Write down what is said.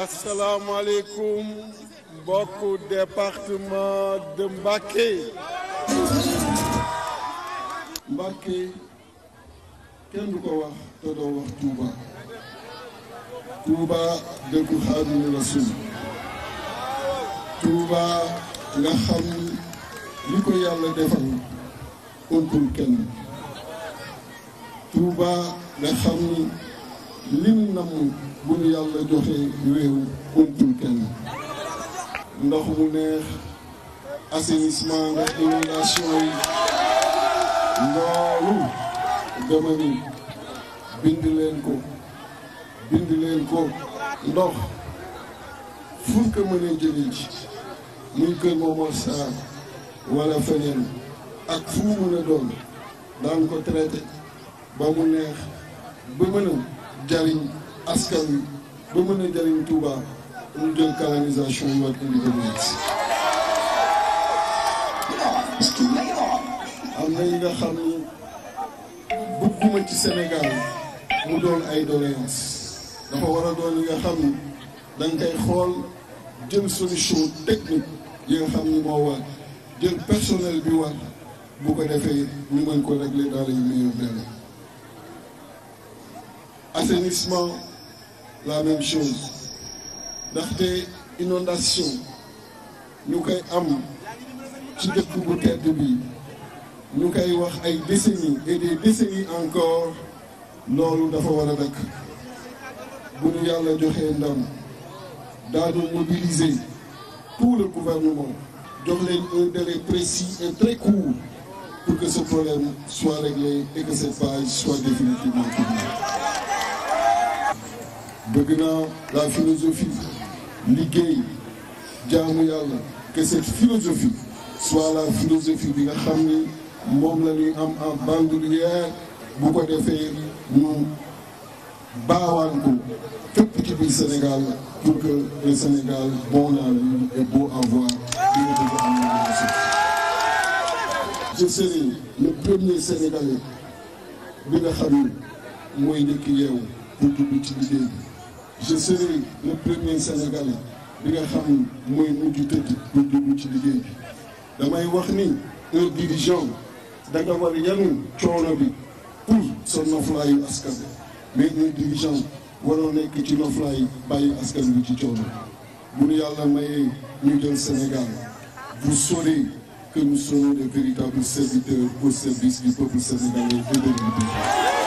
asalaamaaleykum mbokku département de Mbacké Mbacké kenn du ko wax te doo wax Touba Touba dëkku Xaadimu Rasuul Touba nga xam li ko yàlla defal ëppul kenn Touba nga xam ni lim nam bu ñu yàlla joxe réew kontul kenn ndox mu neex assainissement nga inondation yi loolu dama bind leen ko bind leen ko ndox fur ko mënee jëlee ji muy kër Momar Sarr wala feneen ak fu mu doon daan ko traité ba mu neex ba mën jariñ askan wi ba mën a jariñ Touba ñu jël canalisation yi waat indi ci Sénégal mu doon ay doléance dafa war a doon yi nga xam ni danga koy xool jël solution technique yi nga xam ni moo war jël personnel bi war bu ko defee ñu mën ko régler dans les meilleurs délais assainissement la même chose ndaxte inondation ñu koy am ci dëkk bu tedd bi ñu koy wax ay décennies et des décennies encore loolu dafa war a dakk bu ñu yàlla joxe ndam daanu mobiliser tout le gouvernement jox leen un délai précis et très court pour que ce problème soit réglé et que cette page soit définitivement terminée. bëgg naa la philosophie liggéey jaamu yàlla que philosophie soit la philosophie bi nga xam ni moom la ñuy am en bandoulière bu ko defee ñu baawaan ko fépp ci biir Sénégal pour que le Sénégal bon à vivre et beau à voir dina bëgg am na je serai le premier Sénégalais bi nga xam ni mooy njëkk yeewu pour dugg ci liggéey bi je serai le premier sénégalais bi nga xam mooy mujj tëdd ñu dugg ci liggéey bi damay wax ni un dirigeant da nga war yanu coono bi pour sa noflaayu askan mais un dirigeant waroo nekk ci noflaay bàyyi askan bi ci coono bu yàlla mayee ñu jël Sénégal vous saurez que nous serons de véritables serviteurs au service du peuple sénégalais et de l'unité